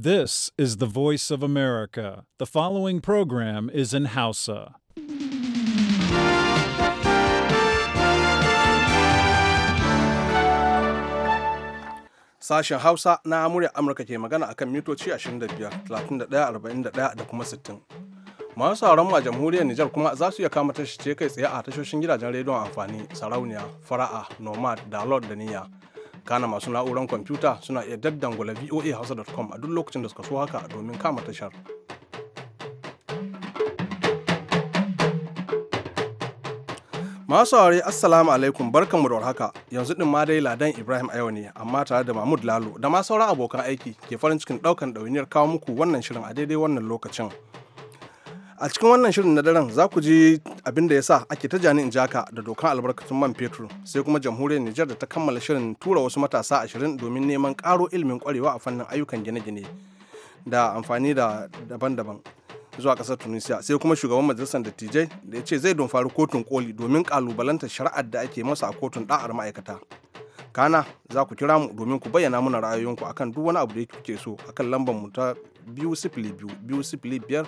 This is the voice of America. The following program is in Hausa. Sashen Hausa na murya Amurka ke magana akan mitoci 25, 31, 41 da kuma 60. Masu sauranmu a jamhuriyar Nijar kuma za su iya kama ce kai tsaye a tashoshin gidajen rediyon amfani, sarauniya, fara'a, nomad, dalot da niyya. kana masu na'urar kwamfuta suna iya daddangula voa hausa.com a duk lokacin da suka so haka domin kama tashar masu saurari assalamu alaikum mu da haka yanzu din ma dai ladan ibrahim ayo ne amma tare da mahmud lalo da ma sauran abokan aiki ke farin cikin daukan dauniyar kawo muku wannan shirin a daidai wannan lokacin a cikin wannan shirin na daren za ku ji abin da ya sa ake ta jani in jaka da dokan albarkatun man fetur sai kuma jamhuriyar nijar da ta kammala shirin tura wasu matasa ashirin domin neman karo ilimin kwarewa a fannin ayyukan gine-gine da amfani da daban-daban zuwa kasar tunisia sai kuma shugaban majalisar dattijai da ya ce zai don faru kotun koli domin kalubalanta shari'ar da ake masa a kotun da'ar ma'aikata kana za ku kira mu domin ku bayyana mana ra'ayoyinku akan duk wani abu da kuke so akan lambar mu ta biyu sifili biyu biyu sifili biyar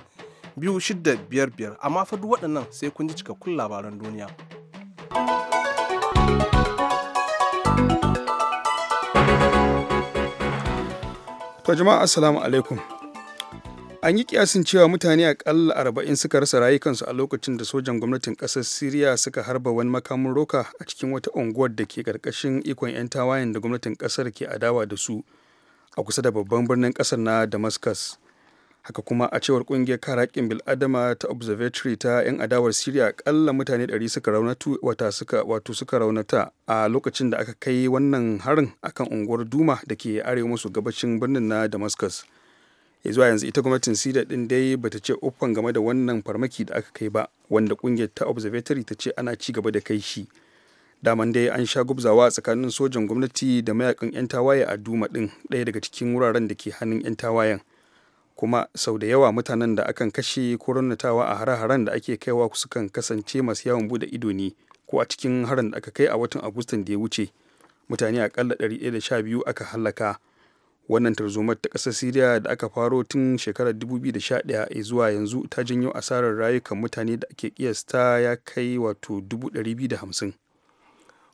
biyu shida biyar biyar amma fa duk waɗannan sai kun ji cikakkun labaran duniya. To jama'a assalamu alaikum. An yi kiyasin cewa mutane aƙalla arba'in suka rasa rayukansu a lokacin da sojan gwamnatin ƙasar Siriya suka harba wani makamin roka a cikin wata unguwar da ke ƙarƙashin ikon 'yan tawayen da gwamnatin ƙasar ke adawa da su a kusa da babban birnin ƙasar na Damascus. haka kuma a cewar kungiyar kare haƙƙin bil'adama ta observatory ta 'yan adawar syria akalla mutane 100 suka raunatu wata suka wato suka raunata a lokacin da aka kai wannan harin akan unguwar duma da ke arewa maso gabashin birnin na damascus ya zuwa yanzu ita gwamnatin syria din dai bata ce uffan game da wannan farmaki da aka kai ba wanda kungiyar ta observatory ta ce ana ci gaba da kai shi daman dai an sha gubzawa tsakanin sojan gwamnati da mayakan 'yan tawaye a duma din ɗaya daga cikin wuraren da ke hannun 'yan tawayen kuma sau da yawa mutanen da akan kashe ko raunatawa a hare-haren da ake kaiwa sukan kasance masu yawon bude ido ne ko a cikin harin da aka kai a watan agustan da ya wuce mutane akalla 112 aka halaka wannan tarzomar ta ƙasar siriya da aka faro tun shekarar 2011 e zuwa yanzu ta janyo asarar rayukan mutane da ake kiyasta ya kai wato 250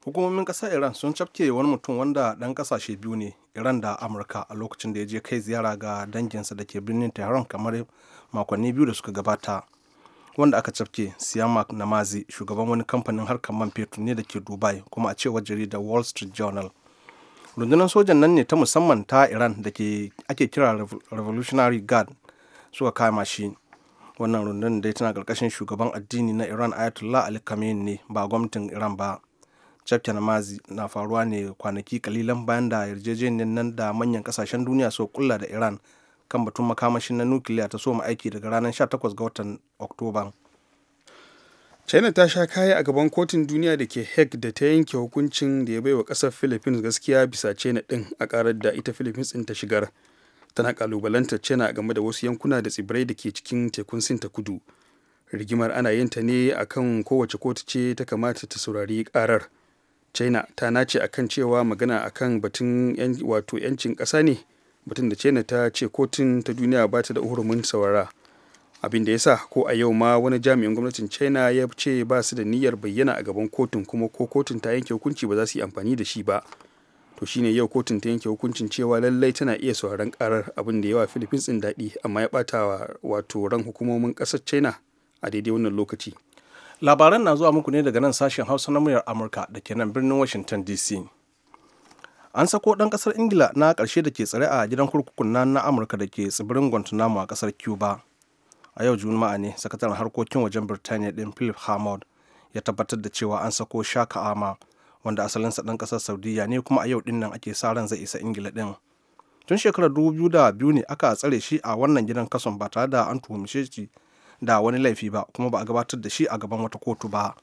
hukumomin kasar iran sun cafke wani mutum wanda dan kasashe biyu ne iran da amurka a lokacin da ya je kai ziyara ga danginsa da ke birnin tehran kamar makonni biyu da suka gabata wanda aka cafke siyamak namazi shugaban wani kamfanin harkar man fetur ne da ke dubai kuma a cewar jaridar wall street journal rundunar sojan nan ne ta musamman ta iran da ake kira revolutionary guard suka kama shi wannan rundunar dai tana karkashin shugaban addini na iran ayatollah ali kamen ne ba gwamnatin iran ba Chaftar Mazi na faruwa ne kwanaki kalilan bayan da yarjejeniyar nan da manyan kasashen duniya so kulla da Iran kan batun makamashin na nukiliya ta so soma aiki daga ranar 18 ga watan Oktoba. China ta sha kaya a gaban kotun duniya da ke hek da ta yanke hukuncin da ya baiwa kasar Philippines gaskiya bisa China din a karar da ita Philippines din ta shigar. Tana kalubalantar China game da wasu yankuna da tsibirai da ke cikin tekun Sin ta kudu. Rigimar ana yin ta ne akan kowace kotu ce ta kamata ta saurari karar. china ta nace akan cewa magana akan batun wato yancin ƙasa ne batun da china ta ce kotun ta duniya ba ta da hurumin saurara abin da ya sa ko a yau ma wani jami'in gwamnatin china ya ce ba su da niyyar bayyana a gaban kotun kuma ko kotun ta yanke hukunci ba za su yi amfani da shi ba to shine yau kotun ta yanke hukuncin cewa lallai tana iya sauran karar abin da yawa philippines din daɗi amma ya ɓata wato ran hukumomin ƙasar china a daidai wannan lokaci labaran na zuwa muku ne daga nan sashen hausa na muryar amurka da ke nan birnin washington dc an sako ɗan ƙasar ingila na ƙarshe da ke tsare a gidan kurkukun nan na amurka da ke tsibirin guantanamo a ƙasar cuba a yau juma'a ne sakataren harkokin wajen birtaniya ɗin philip hamad ya tabbatar da cewa an sako shaka ama wanda asalinsa ɗan ƙasar saudiya ne kuma a yau ɗin nan ake sa ran zai isa ingila ɗin tun shekarar biyu ne aka tsare shi a wannan gidan kason ba tare da an tuhumce shi da wani laifi ba kuma ba a gabatar da shi a gaban wata kotu ba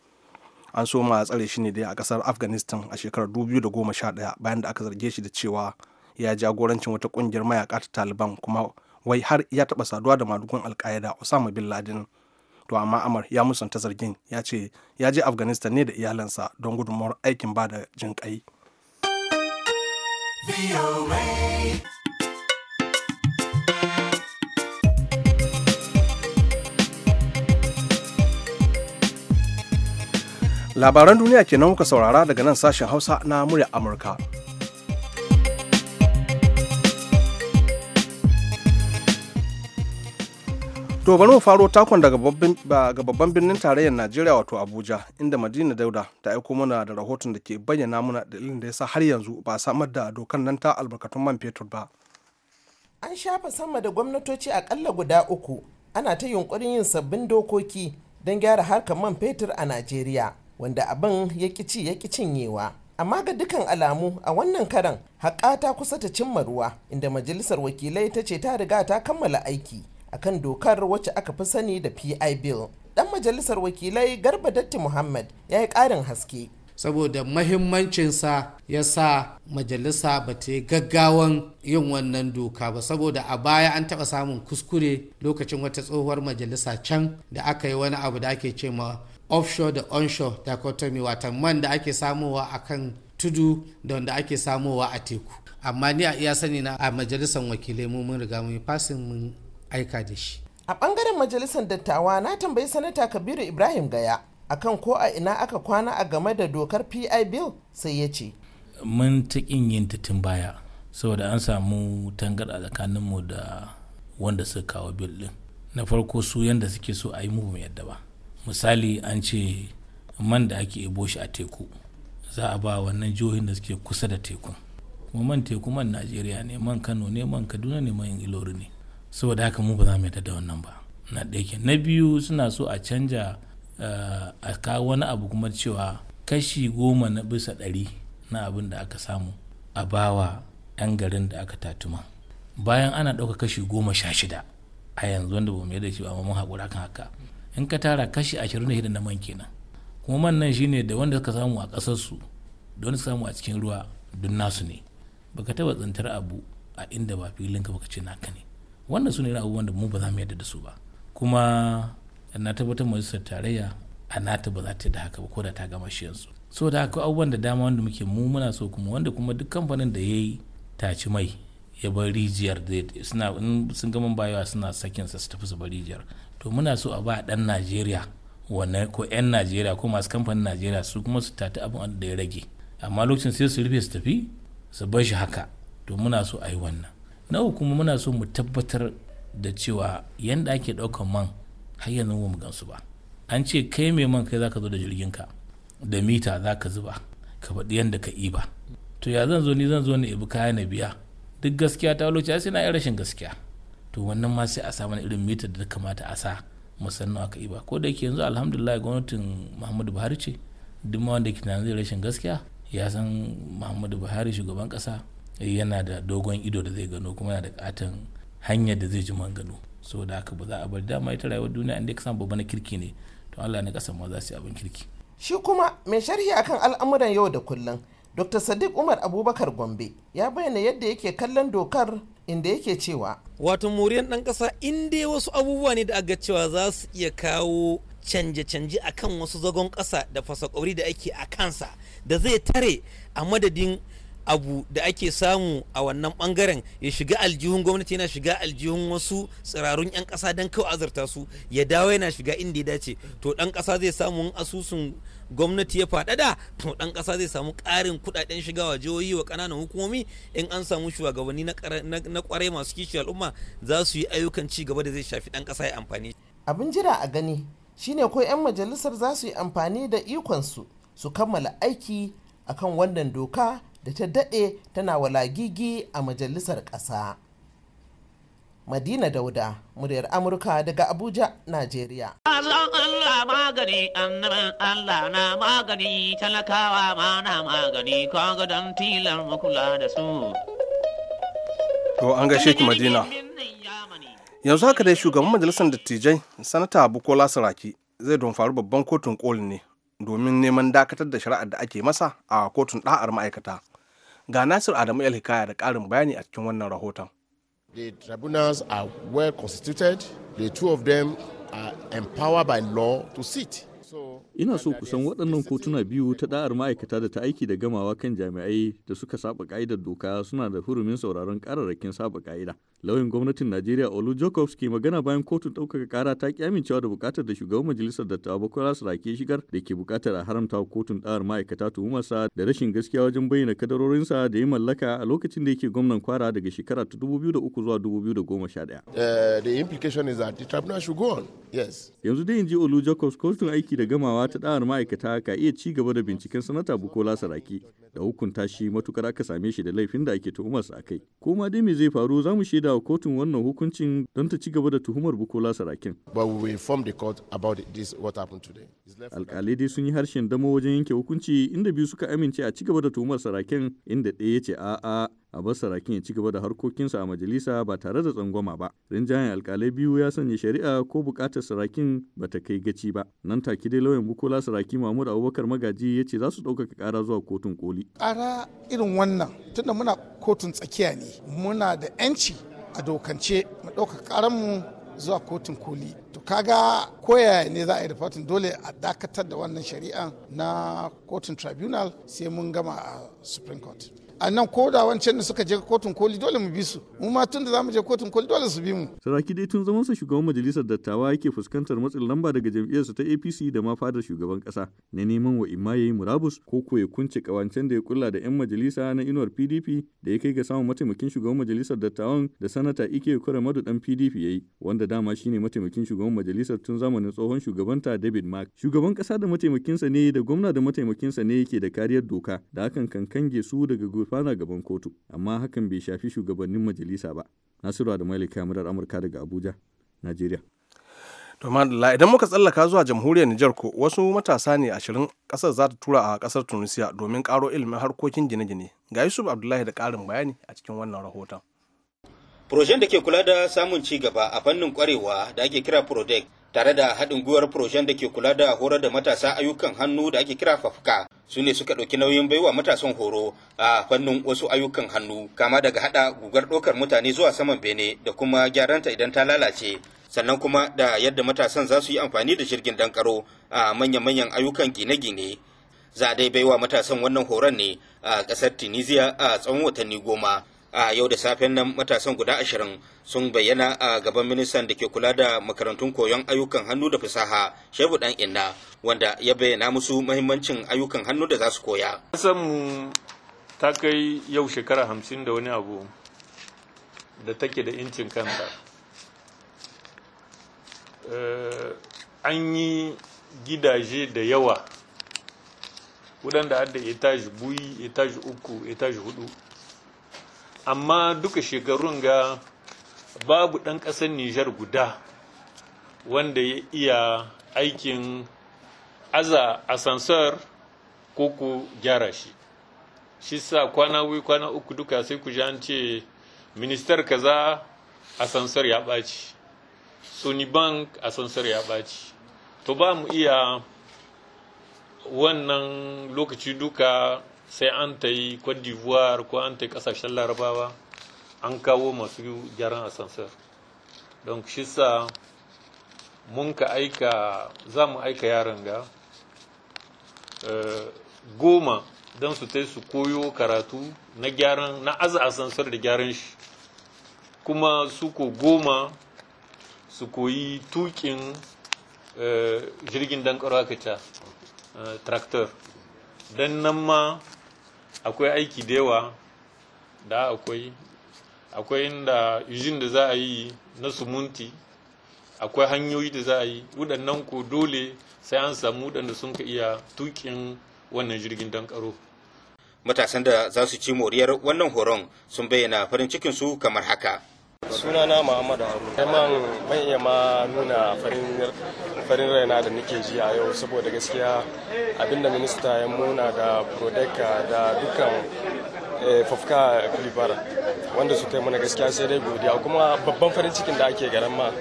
an so ma tsare shi ne dai a kasar afghanistan a shekarar 2011 bayan da aka zarge shi da cewa ya jagorancin wata kungiyar mayaka ta taliban kuma wai har ya taba saduwa da madugun alka'ida osama bin laden to amma amar ya musanta zargin ya ce ya je afghanistan ne da iyalansa don gudunmawar aikin ba da jin labaran duniya kenan kuka saurara daga nan sashen hausa na murya amurka To bari mu faro takon daga babban birnin tarayyar Najeriya wato Abuja inda Madina Dauda ta aiko mana da rahoton da ke bayyana mana dalilin da ya sa har yanzu ba samar da dokar nan ta albarkatun man fetur ba. An shafa sama da gwamnatoci akalla guda uku ana ta yunkurin yin sabbin dokoki don gyara harkar man fetur a Najeriya. wanda abin ya ci ya cinyewa amma ga dukan alamu a wannan karan haƙa ta kusa ta cimma ruwa inda majalisar wakilai ta ce ta riga ta kammala aiki akan dokar wacce aka fi sani da pi bill dan majalisar wakilai garba datti muhammad ya yi ƙarin haske saboda mahimmancinsa ya sa majalisa ba ta yi gaggawan yin wannan doka ba saboda a baya an taɓa samun kuskure lokacin wata tsohuwar majalisa can da aka yi wani abu da ake ce ma offshore da onshore dichotomy wata man da ake samowa a kan tudu da wanda ake samowa a teku amma ni a iya sani na a majalisar wakilai mu mun riga mun fasin mun aika da shi a bangaren majalisar dattawa na tambayi sanata kabiru ibrahim gaya akan ko a ina aka kwana a game da dokar pi bill sai ya ce mun ta yin tun baya saboda an samu tangarɗa tsakaninmu da wanda suka kawo bil din na farko su yanda suke so a yi mu yadda ba misali an ce man da ake ebo shi a teku za a ba wannan jihohin da suke kusa da tekun kuma man teku man najeriya ne man kano ne man kaduna ne man ilori ne saboda haka mu ba za mu yadda da wannan ba na ɗaya na biyu suna so a canja eh, a kawo wani abu kuma cewa kashi goma na bisa ɗari na abin da aka samu a bawa 'yan garin da aka tatuma bayan ana ɗauka kashi goma sha shida a yanzu wanda ba mu yadda shi ba mun haƙura kan haka in ka tara kashi 26 na man kenan kuma man nan shine da wanda suka samu a su da wanda samu a cikin ruwa dun nasu ne baka taba tsintar abu a inda ba filinka baka ce naka ne wannan su ne abubuwan da mu ba za mu yadda da su ba kuma na tabbatar majalisar tarayya a nata ba za ta da haka ba ko da ta gama shi yanzu so da haka abubuwan da dama wanda muke mu muna so kuma wanda kuma duk kamfanin da ya yi ta ci mai ya bar rijiyar da suna sun gama bayawa suna sakin sa su tafi su bar rijiyar to muna so a ba dan Najeriya wannan ko yan Najeriya ko masu kamfanin Najeriya su kuma su tata abin da ya rage amma lokacin sai su rufe su tafi su bar shi haka to muna so a yi wannan na uku kuma muna so mu tabbatar da cewa yanda ake ɗaukan man har yanzu ba mu gansu ba an ce kai mai man kai zaka zo da jirgin ka da mita zaka zuba ka faɗi yanda ka ba to ya zan zo ni zan zo na ibi kaya na biya duk gaskiya ta lokaci sai na yin rashin gaskiya to wannan ma sai a samu irin mitar da kamata a sa musamman aka ba, ko da yake yanzu alhamdulillah gwamnatin muhammadu buhari ce duk ma wanda na zai rashin gaskiya ya san muhammadu buhari shugaban kasa eh, yana da dogon ido da zai gano kuma yana da katon hanyar da zai ji man gano saboda haka ba za a bar dama ita rayuwar duniya inda ka san babban kirki ne to Allah ne kasan ma za su yi abin kirki shi kuma mai sharhi akan al'amuran yau da kullum dr sadiq umar abubakar gombe ya bayyana yadda yake kallon dokar inda yake cewa wato moriyar ɗan ƙasa inda dai wasu abubuwa ne da aga cewa za su iya kawo canje-canje akan wasu zagon ƙasa da fasakori da ake a kansa da zai tare a madadin abu da ake samu a wannan bangaren ya shiga aljihun gwamnati yana shiga aljihun wasu tsirarun 'yan kasa don kawai azurta su ya dawo yana shiga inda ya dace to dan kasa zai samu asusun gwamnati ya faɗaɗa to dan kasa zai samu ƙarin kuɗaɗen shiga wa jihohi wa ƙananan hukumomi in an samu shugabanni na kwarai masu kishi al'umma za su yi ayyukan ci gaba da zai shafi dan kasa ya amfani. abin jira a gani shine ko 'yan majalisar za su yi amfani da ikonsu su kammala aiki akan wannan doka da ta daɗe tana walagigi a majalisar ƙasa madina dauda muryar amurka daga abuja najeriya Allah magani annaban Allah na magani talakawa ma na magani don tilar makula da su to an gaishe ku madina yanzu haka dai shugaban majalisar dattijai sanata bukola saraki zai don faru babban kotun koli ne domin neman dakatar da shari'ar da ake masa a kotun ɗa'ar ma'aikata Ga Nasir Adamu El Hikaya da ƙarin bayani a cikin wannan rahoton. The tribunals are well constituted. The two of them are empowered by law to sit. Ina so kusan waɗannan kotuna biyu ta da'ar ma'aikata da ta aiki da gamawa kan jami'ai da suka saba ka'idar doka suna da hurumin sauraron ƙararrakin saba ka'ida. lauyin gwamnatin najeriya olu jacobs ke magana bayan kotun ɗaukaka kara ta ki amincewa da bukatar da shugaban majalisar dattawa bakwai rake shigar da ke bukatar a haramta kotun ɗawar ma'aikata tuhumarsa da rashin gaskiya wajen bayyana kadarorinsa da ya mallaka a lokacin da yake gwamnan kwara daga shekara ta 2003 zuwa 2011 eh, the implication is that the tribunal should go on yes yanzu dai inji olu jacobs kotun aiki da gamawa ta ɗawar ma'aikata ka iya ci gaba da binciken sanata bukola saraki da hukunta shi matukar aka same shi da laifin da ake tuhumarsa a kai ko ma dai me zai faru za mu shaida wa kotun wannan hukuncin don ta ci gaba da tuhumar Bukola Sarakin. alkalai dai sun yi harshen damo wajen yanke hukunci inda biyu suka amince a ci gaba da tuhumar Sarakin inda ɗaya ya ce a'a a bar sarakin ya ci gaba da harkokinsa a majalisa ba tare da tsangwama ba rinjayen alkalai biyu ya sanya shari'a ko buƙatar sarakin ba ta kai gaci ba nan take dai lauyan bukola saraki mahmud abubakar magaji ya ce za su ɗaukaka ƙara zuwa kotun koli ƙara irin wannan tunda muna kotun tsakiya ne muna da 'yanci a dokance mu ɗaukaka karanmu zuwa kotun koli to kaga koya ne za a yi rufatin dole a dakatar da wannan shari'a na kotun tribunal sai mun gama a supreme court a nan ko da wancan da suka je kotun koli dole mu bi su mu ma tun da za je kotun koli dole su bi mu. saraki dai tun zaman sa shugaban majalisar dattawa yake fuskantar matsin lamba daga jam'iyyarsa ta apc da ma fadar shugaban kasa na neman wa imma ya yi murabus ko ko ya kunce kawancen da ya kulla da yan majalisa na inuwar pdp da ya kai ga samun mataimakin shugaban majalisar dattawan da sanata ike kura madu dan pdp ya yi wanda dama shine mataimakin shugaban majalisar tun zamanin tsohon shugabanta david mark shugaban kasa da mataimakinsa ne da gwamna da mataimakinsa ne yake da kariyar doka da hakan kan kange su daga fara gaban kotu amma hakan bai shafi shugabannin majalisa ba nasiru da malika murar amurka daga abuja najeriya to madalla idan muka tsallaka zuwa jamhuriyar nijar ko wasu matasa ne ashirin kasar za ta tura a kasar tunisia domin karo ilimin harkokin gine-gine ga yusuf abdullahi da karin bayani a cikin wannan rahoton Projen da ke kula da samun ci gaba a fannin kwarewa da ake kira Prodec tare da haɗin gwiwar projen da ke kula da horar da matasa ayyukan hannu da ake kira fafuka su ne suka ɗauki nauyin baiwa matasan horo a fannin wasu ayyukan hannu kama daga haɗa gugar ɗaukar mutane zuwa saman bene da kuma gyaran ta idan ta lalace sannan kuma da yadda matasan za su yi amfani da jirgin dankaro a manya manyan ayyukan gine-gine za a dai baiwa matasan wannan horon ne a ƙasar tunisia a tsawon watanni goma a yau da safen nan matasan guda ashirin sun bayyana a gaban ministan da ke kula da makarantun koyon ayyukan hannu da fasaha shehu dan inna wanda ya bayyana musu mahimmancin ayyukan hannu da za su koya san mu ta kai yau shekara hamsin da wani abu da take da incin kanta eh, an yi gidaje da yawa wadanda adda etaji buyi etaji uku etaji hudu amma duka shekarun ga babu ɗan ƙasar nijar guda wanda ya iya aikin aza asansar ko ku gyara shi shi sa kwana wui kwana uku duka sai ku ja ce ministar kaza asansar ya ɓaci sony bank asansar ya ɓaci to ba mu iya wannan lokaci duka sai an ta yi cote d'ivoire ko an ta yi kasashen larabawa an kawo masu gyaran asansar don shi sa mun ka aika za mu aika yaran ga eh, goma don su tai su koyo karatu na gyaran na aza asansar da gyaran shi kuma su ko goma su koyi tukin eh, jirgin eh, dan ƙarfa ka ca tractor don nan ma akwai aiki da yawa da akwai akwai inda yujin da za a yi na sumunti akwai hanyoyi da za a yi waɗannan ko dole sai an samu waɗanda sun ka iya tukin wannan jirgin karo matasan da za su ci moriyar wannan horon sun bayyana farin cikinsu kamar haka sunana muhammadu haruna man ban ma nuna farin farin raina da nake ji a yau saboda gaskiya abinda minista ya muna da prodeka da dukkan eh, fafka kulibar wanda suka yi mana gaskiya sai dai godiya kuma babban farin cikin da ake garan ma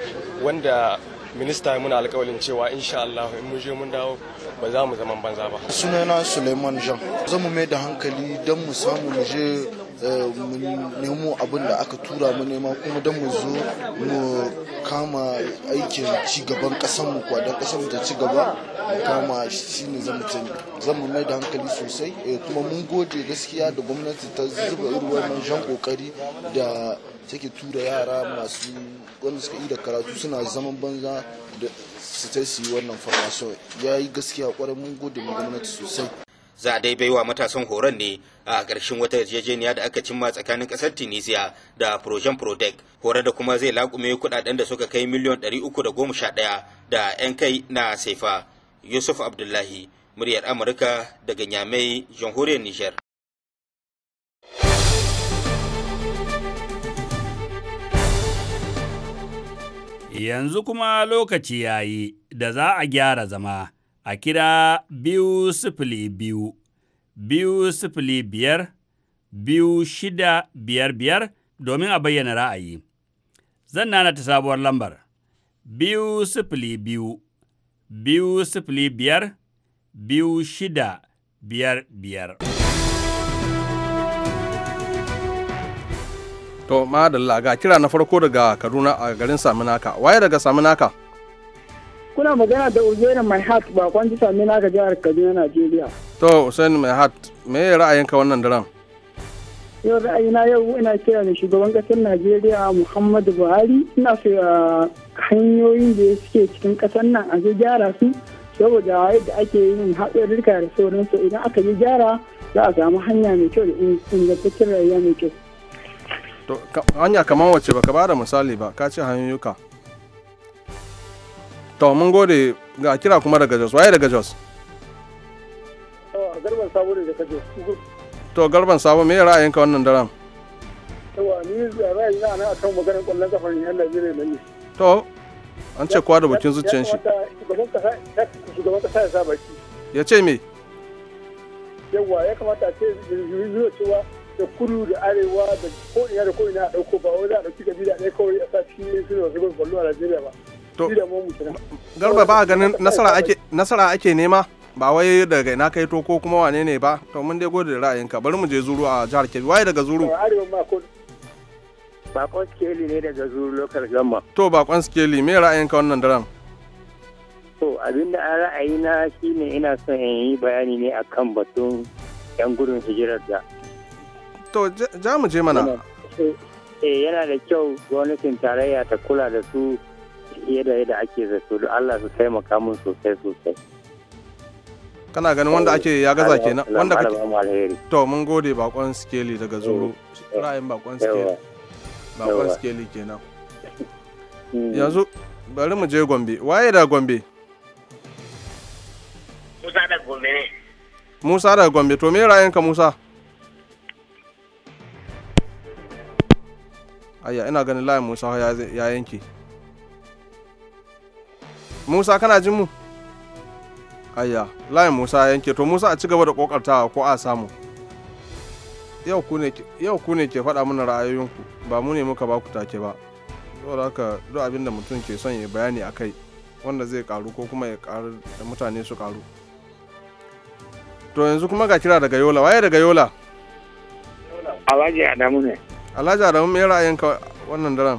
wanda minista ya muna alkawalin cewa insha Allah in mu je mun dawo ba za mu zaman banza ba sunana Suleiman Jean zamu mai da hankali don mu samu mu je Eh, mu nemo abin da aka tura mu nema kuma don mu zo mu kama aikin ci gaban mu kuwa don ƙasarmu ta ci gaba mu kama shi ne zamu zama mai da hankali sosai eh, kuma mun gode gaskiya da gwamnati ta zuba irin wannan jan kokari da take tura yara masu wanda suka yi da karatu suna zaman banza da su ta su yi wannan farfasa ya yi gaskiya kwarai mun gode mu gwamnati sosai za a dai baiwa matasan horon ne a ƙarshen wata yarjejeniya da aka cimma tsakanin ƙasar tunisia da projen prodec horon da kuma zai laƙume kuɗaɗen da suka kai miliyon 311 da goma sha ɗaya da 'yan kai na saifa yusuf abdullahi muryar amurka daga nyamai jamhuriyar niger yanzu kuma lokaci yayi da za a gyara zama a kira biyu sifili biyu, biyu sifili biyar, biyu shida biyar biyar domin a bayyana ra'ayi. Zan nana ta sabuwar lambar, biyu sifili biyu, biyu sifili biyar, biyu shida biyar biyar. To, madalla ga kira na farko daga Kaduna a garin Saminaka, waye daga Saminaka? kuna magana da Uzairu Mai Hat bakon ji sami naka jihar Kaduna Najeriya. To usain Mai Hat me ya ra'ayinka wannan daren? Yau ra'ayina yau ina kira da shugaban kasar Najeriya Muhammadu Buhari ina so ah, hanyoyin da ya suke cikin kasar nan a gyara su saboda yadda ake yin rika da sauransu idan aka yi gyara za a samu hanya mai kyau da ingantaccen rayuwa mai kyau. hanya kamar wacce baka ba da misali ba ka ce hanyoyuka. to mun gode ga kira kuma daga jos waye daga jos garban sabo ne daga jos to garban sabo me ra'ayinka wannan daren yawa ni ra'ayina na akan maganar kwallon kafar yan Najeriya ne to an ce kwa da bakin zuciyar shi ya ce me yawa ya kamata a ce yiwuwa cewa da kudu da arewa da ko'ina da ko'ina a ɗauko ba wani za a ɗauki da ɗaya kawai a sa cikin yin su ne wasu gwallo a Najeriya ba to garba ba ganin nasara ake nasara ake nema ba wai daga ina kai to ko kuma wane ne ba to mun dai gode da ra'ayinka bari mu je zuru a jihar Kebbi waye daga zuru bakon skeli ne daga zuru lokal gamma to bakon skeli me ra'ayinka wannan daren to abinda ra'ayi na shine ina son in yi bayani ne akan batun yan gudun hijirar da to ja mu je mana eh yana da kyau gwamnatin tarayya ta kula da su fiye da yadda ake zato da Allah su taimaka mun sosai sosai kana ganin wanda ake ya gaza kenan wanda kake to mun gode bakon skeli daga zuru eh, eh. ra'ayin bakon skeli bakon skeli kenan hmm. yanzu bari mu je gombe waye da gombe musa da gombe ne musa da gombe to me ka musa Aya ina ganin layin musa ya yanke musa kana jin mu ayya layin musa ya yanke to musa a ci gaba da kokartawa ko a samu yau ku ne ke faɗa mana ra'ayoyinku ba mu ne muka ba ku take ba saboda haka duk abin da mutum ke son ya bayani a kai wanda zai karu ko kuma ya karu da mutane su karu to yanzu kuma ga kira daga yola waye daga yola alhaji adamu ne alhaji adamu me ra'ayinka wannan daren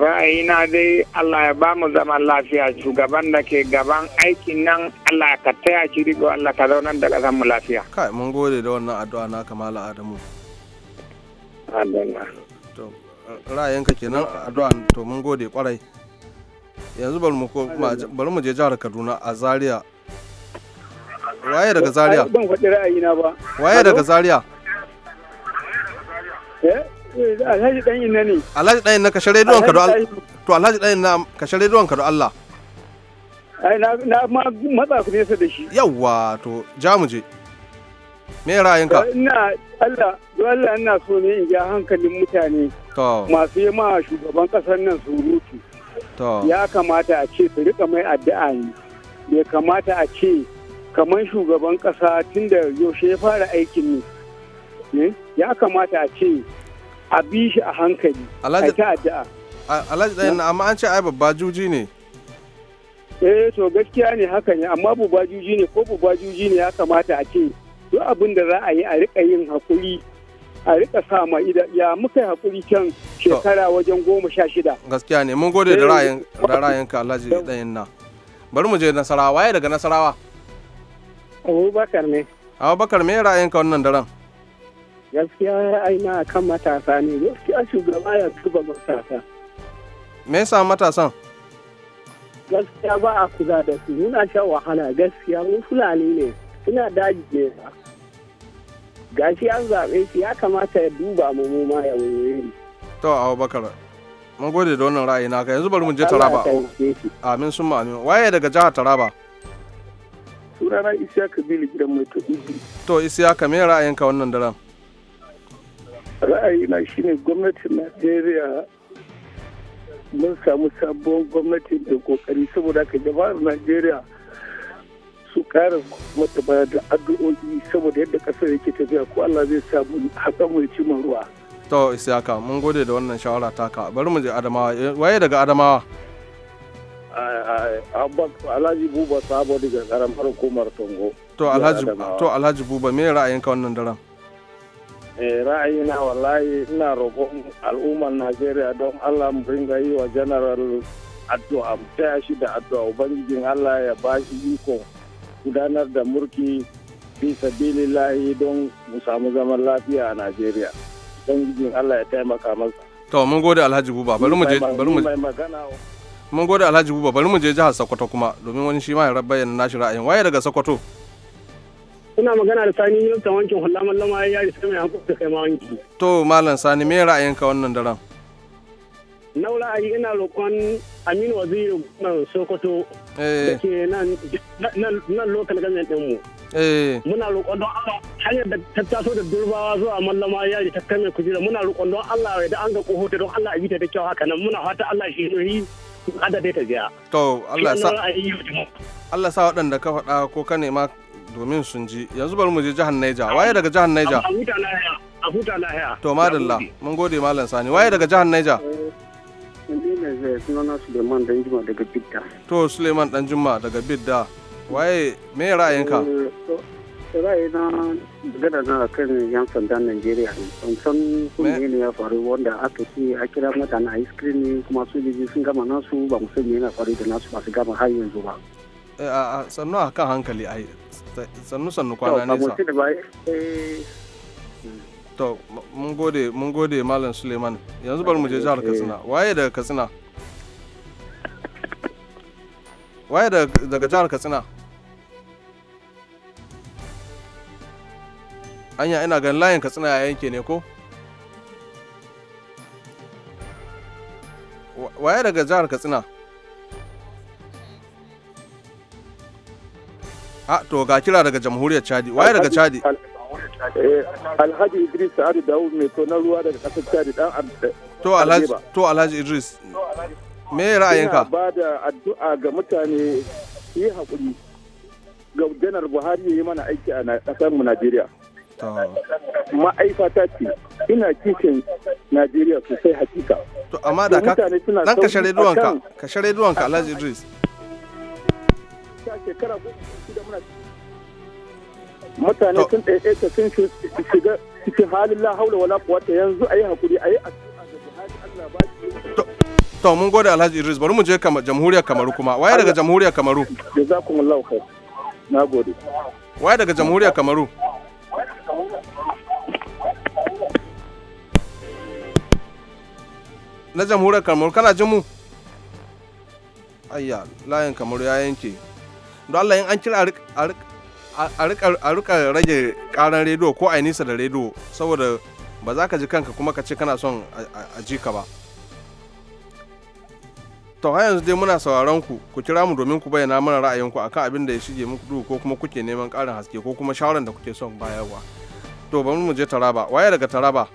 ra'ayina dai Allah ya ba mu zaman lafiya shugaban da ke gaban aikin nan Allah ka taya shi riko Allah ka zaunar da ƙasar mu lafiya. Kai mun gode da wannan addu'a na Kamala Adamu. Adana. To ra'ayinka kenan addu'a to mun gode kwarai. Yanzu bari mu bari mu je jihar Kaduna a Zaria. Waye daga Zaria? Ban faɗi ra'ayina ba. Waye daga Zaria? Eh? Eh, Alhaji dan ina ne. Alhaji dan ina ka share rediyon ka Allah. To Alhaji dan ina ka share rediyon ka do Allah. Ai na na matsa ku nesa da shi. Yawwa to ja mu je. Me ka Ina Allah do Allah ina so ne in ja hankalin mutane. To. Masu yi ma shugaban kasar nan surutu. To. Ya kamata a ce su rika mai addu'a ne. Bai kamata a ce kamar shugaban kasa tun da yaushe ya fara aikin ne. Eh, ya kamata a ce a bi shi a hankali a ta addu'a alhaji ɗayan amma an ce ai babba juji ne eh to gaskiya ne haka ne amma babba juji ne ko babba juji ne ya kamata a ce duk abin da za a yi a rika yin hakuri a rika sa ma ida ya muka hakuri can shekara wajen goma sha shida gaskiya ne mun gode da eh. ra'ayin ka alhaji ɗayan na bari mu je nasarawa waye daga nasarawa abubakar ne abubakar me ra'ayin ka wannan daren gaskiya ya aina a kan matasa ne gaskiya shugaba ya tuba matasa me yasa matasan gaskiya ba a kula da su muna shan wahala gaskiya mun fulani ne suna daji ne gashi an zaɓe shi ya kamata ya duba mu mu ma ya wuri to abubakar mun gode da wannan ra'ayi naka yanzu bari mu je taraba amin sun ma amin waye daga jihar taraba sunana isiyaka bili gidan mai to to isiyaka me ra'ayinka wannan daren ra'ayina shine gwamnatin najeriya mun samu sabon gwamnati da kokari saboda ka jama'ar najeriya su kara mata baya da addu'o'i saboda yadda kasar yake tafiya ko allah zai samu haɗa mai cimma ruwa to haka mun gode da wannan shawara taka bari mu je adamawa eh, waye daga adamawa alhaji buba sabo daga karamar hukumar tongo to alhaji buba me ra'ayinka wannan daren Eh, ra'ayina wallahi ina roƙon al'ummar najeriya don allah mu ringa yi wa general addu'a mu taya shi da addu'a ubangijin allah ya ba shi iko gudanar da mulki fi sabilillahi don mu samu zaman lafiya a najeriya ubangijin allah ya taimaka masa to mun gode alhaji buba bari mu je bari mu mun gode alhaji buba bari mu je jihar sokoto kuma domin wani shi ma ya bayyana nashi ra'ayin waye daga sokoto Kuna magana da Sani Ministan wankin hula mallama ya yi sami mai hankali da kai ma To Malam Sani me ra'ayinka wannan daren? Na ra'ayi ina roƙon Aminu Waziri na Sokoto da eh. ke nan lokal gamen ɗinmu. Eh. Muna roƙon don Allah hanyar da ta taso da durbawa zuwa mallama ya yi ta kame kujera muna roƙon don Allah da an ga ta don Allah a bi ta da kyau haka nan muna fata Allah shi nuri adadai ta biya. To Allah sa waɗanda ka faɗa ko ka nema domin sun ji yanzu bari mu je jihar Niger waye daga jihar Niger a huta lahiya a huta lahiya to madalla mun gode mallam Sani waye daga jihar Niger eh, eh, sunana Suleiman Danjuma daga Bidda to Suleiman Danjuma daga Bidda waye me ra'ayinka eh, ra'ayina gada na kan yan sandan Najeriya ne san kuma ne ya faru wanda aka ce a kira mutane a yi screening kuma su sun gama nasu ba mu san yana faru da nasu ba su gama har yanzu ba Eh, sannu a kan hankali ai sannu sannu kwana nesa to mun gode mun gode malam suleiman yanzu bari mu je jihar katsina waye daga katsina waye daga jihar katsina anya ina ganin layin katsina ya yanke ne ko waye daga jihar katsina a ah, to ga kira daga jamhuriyar chadi waye daga chadi eh, alhaji idris sa'adu dawud mai tonar ruwa daga kasar chadi dan eh, to alhaji to alhaji idris me ra'ayinka ba da addu'a ga mutane yi hakuri ga janar buhari ya yi mana aiki a kasar mu najeriya ma'aikata ce ina kishin najeriya sosai hakika to amma da ka nan ka share duwanka ka share duwanka alhaji idris manta shekara goma da muna mutane sun ɗaiɗaita sun shiga cikin halin la haula wala quwwata yanzu a hakuri ayi addu'a da jihadi Allah ba shi to mun gode Alhaji Idris bari mu je jamhuriyar Kamaru kuma waye daga jamhuriyar Kamaru jazakumullahu khair gode. waye daga jamhuriyar Kamaru na jamhuriyar Kamaru kana jin mu ayya layin Kamaru ya yanke don Allah in an kira a rika rage karan rediyo ko a nisa da rediyo saboda ba za ka ji kanka kuma ka ce kana son a ji ka ba to har yanzu dai muna sauraron ku ku kira mu domin ku bayyana mana ra'ayinku akan abin da ya shige muku duhu ko kuma kuke neman karin haske ko kuma shawaran da kuke son bayarwa to ba mu je taraba waye daga taraba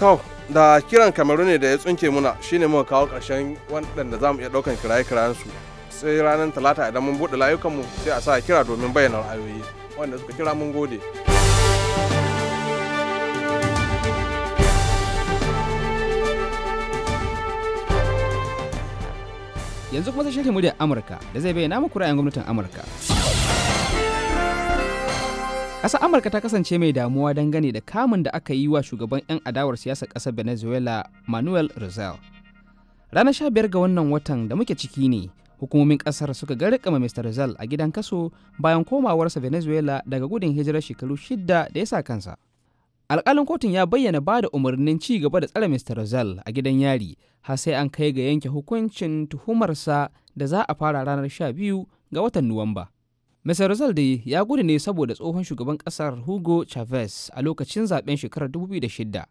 to da kiran kamaruni ne da ya tsunke muna shine muka kawo karshen waɗanda za mu iya ɗaukan kiraye su sai ranar talata idan mun buɗe layukanmu sai a sa kira domin bayyana ra'ayoyi wanda suka kira mun gode. yanzu kuma sai shirin da amurka da zai bayyana muku ra'ayin gwamnatin amurka ƙasar amurka ta kasance mai damuwa dangane da kamun da aka yi wa shugaban 'yan adawar siyasar ƙasar venezuela manuel rizal ranar 15 ga wannan watan da muke ciki ne hukumomin ƙasar suka rikama Mr. Rizal a gidan kaso bayan komawarsa Venezuela daga gudun hijirar shekaru shida da ya sa kansa. Alƙalin kotun ya bayyana ba da umarnin ci gaba da tsare Mr. Rizal a gidan yari har sai an kai ga yanke hukuncin tuhumarsa da za a fara ranar 12 ga watan Nuwamba. Mr. Rizaldi ya gudu ne saboda tsohon shugaban kasar Hugo Chavez a lokacin zaben shekarar 2006.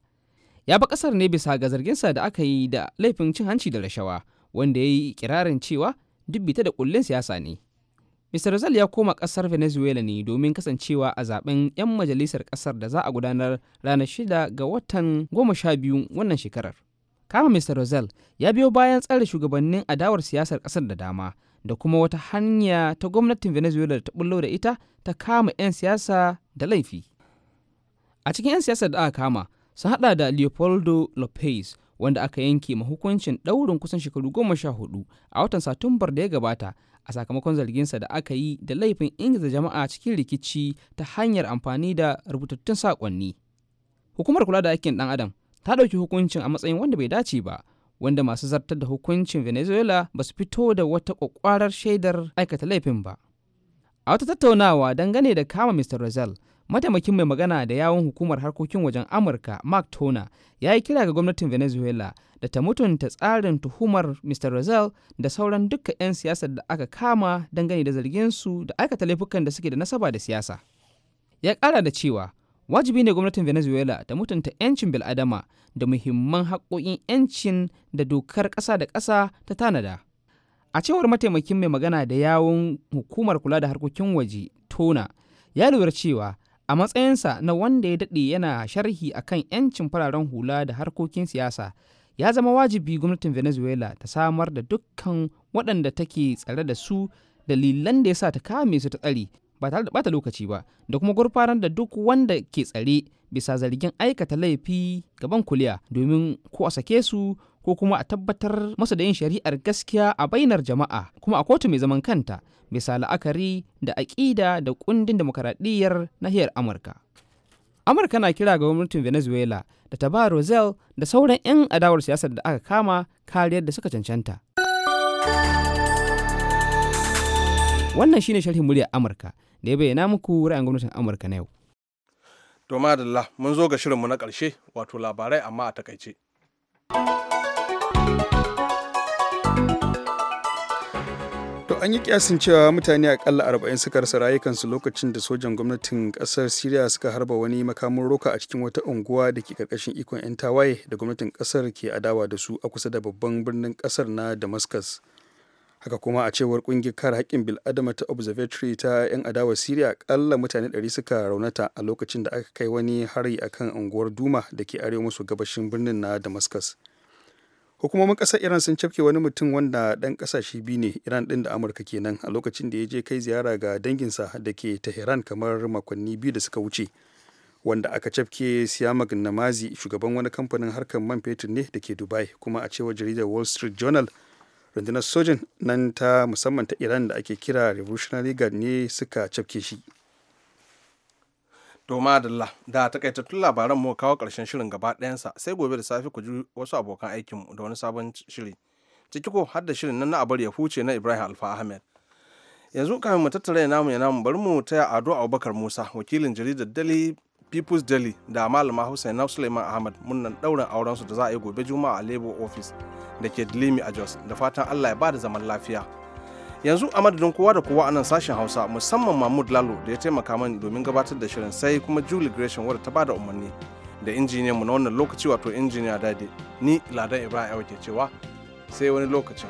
Ya ba kasar ne bisa ga zarginsa da aka yi da laifin cin hanci da rashawa, wanda ya yi ikirarin cewa dubbita da kullin siyasa ne. Mr. Rizal ya koma kasar Venezuela ne domin kasancewa a zaben 'yan majalisar kasar da za a gudanar ranar shida ga watan 12 wannan shekarar. Kama Mr. Rizal ya biyo bayan tsare shugabannin adawar siyasar kasar da dama da kuma wata hanya ta gwamnatin venezuela da ta bullo da ita ta kama 'yan siyasa da laifi a cikin 'yan siyasa da aka kama sun hada da leopoldo lopez wanda aka yanke mahukuncin ɗaurin kusan shekaru goma sha hudu a watan satumbar da ya gabata a sakamakon zarginsa da aka yi da laifin ingiza jama'a cikin rikici ta hanyar amfani da rubutattun saƙonni hukumar kula da aikin ɗan adam ta ɗauki hukuncin a matsayin wanda bai dace ba wanda masu zartar da hukuncin venezuela ba su fito da wata kwakwarar shaidar aikata laifin ba a wata tattaunawa dangane da kama mr rizal mataimakin mai magana da yawon hukumar harkokin wajen amurka mark tona ya yi kira ga gwamnatin venezuela da ta mutunta tsarin tuhumar mr rizal da sauran dukkan 'yan siyasar da aka kama dangane da zarginsu da aikata laifukan da suke da nasaba da siyasa ya kara da cewa wajibi ne gwamnatin venezuela ta mutunta 'yancin bil'adama da muhimman haƙoƙin 'yancin da dokar ƙasa da ƙasa ta tanada a cewar mataimakin mai magana da yawon hukumar kula da harkokin waje tona ya lura cewa a matsayinsa na wanda ya daɗe yana sharhi akan 'yancin fararen hula da harkokin siyasa ya zama wajibi gwamnatin venezuela ta samar da dukkan waɗanda take tsare da su dalilan da ya sa ta kame su ta tsare ba tare da bata lokaci ba da kuma gurfanar da duk wanda ke tsare bisa zargin aikata laifi gaban kuliya domin ko a sake su ko kuma a tabbatar masa da yin shari'ar gaskiya a bainar jama'a kuma a kotu mai zaman kanta bisa la'akari da aƙida da kundin demokaradiyyar nahiyar amurka amurka na kira ga gwamnatin venezuela da ta ba rosel da sauran 'yan adawar siyasar da aka kama kariyar da suka cancanta wannan shine sharhin muryar amurka da ya bayyana muku ra'ayin gwamnatin amurka na yau to madalla mun zo ga shirinmu na ƙarshe wato labarai amma a takaice to an yi kiyasin cewa mutane akalla arba'in suka rasa rayukansu lokacin da sojan gwamnatin kasar syria suka harba wani makamin roka a cikin wata unguwa da ke karkashin ikon 'yan tawaye da gwamnatin kasar ke adawa da su a kusa da babban birnin kasar na damascus haka kuma a cewar kungiyar kare haƙƙin bil'adama ta observatory ta 'yan adawa syria akalla mutane 100 suka raunata a lokacin da aka kai wani hari a kan unguwar duma da ke arewa maso gabashin birnin na damascus hukumomin ƙasar iran sun cafke wani mutum wanda ɗan ƙasashe biyu ne iran ɗin da amurka kenan a lokacin da ya je kai ziyara ga danginsa da ke tehran kamar makonni biyu da suka wuce wanda aka cafke siyamak namazi shugaban wani kamfanin harkar man fetur ne da ke dubai kuma a cewar jaridar wall street journal rundunar sojin nan ta musamman ta iran da ake kira revolutionary guard ne suka cafke shi Doma Adalla da takaitattun labaran mu kawo karshen shirin gaba ɗayansa sai gobe da safe ku ji wasu abokan aikinmu da wani sabon shiri. Ciki ko har da shirin nan na abar ya huce na Ibrahim Alfa Ahmed. Yanzu kamin mu tattara ya namu ya namu bari mu taya Ado Abubakar Musa wakilin jaridar Daily people's daily da malama na suleiman ahmad munnan daurin su da za a yi gobe juma'a a labor office da ke dilimi a jos da fatan allah ya ba da zaman lafiya yanzu a madadin kowa da kowa a nan sashen hausa musamman mahmud lalo da ya taimaka mani domin gabatar da shirin sai kuma julie gresham wadda ta ba da umarni da mu na wannan lokaci wato injiniya dade ni ladan ibrahim ke cewa sai wani lokacin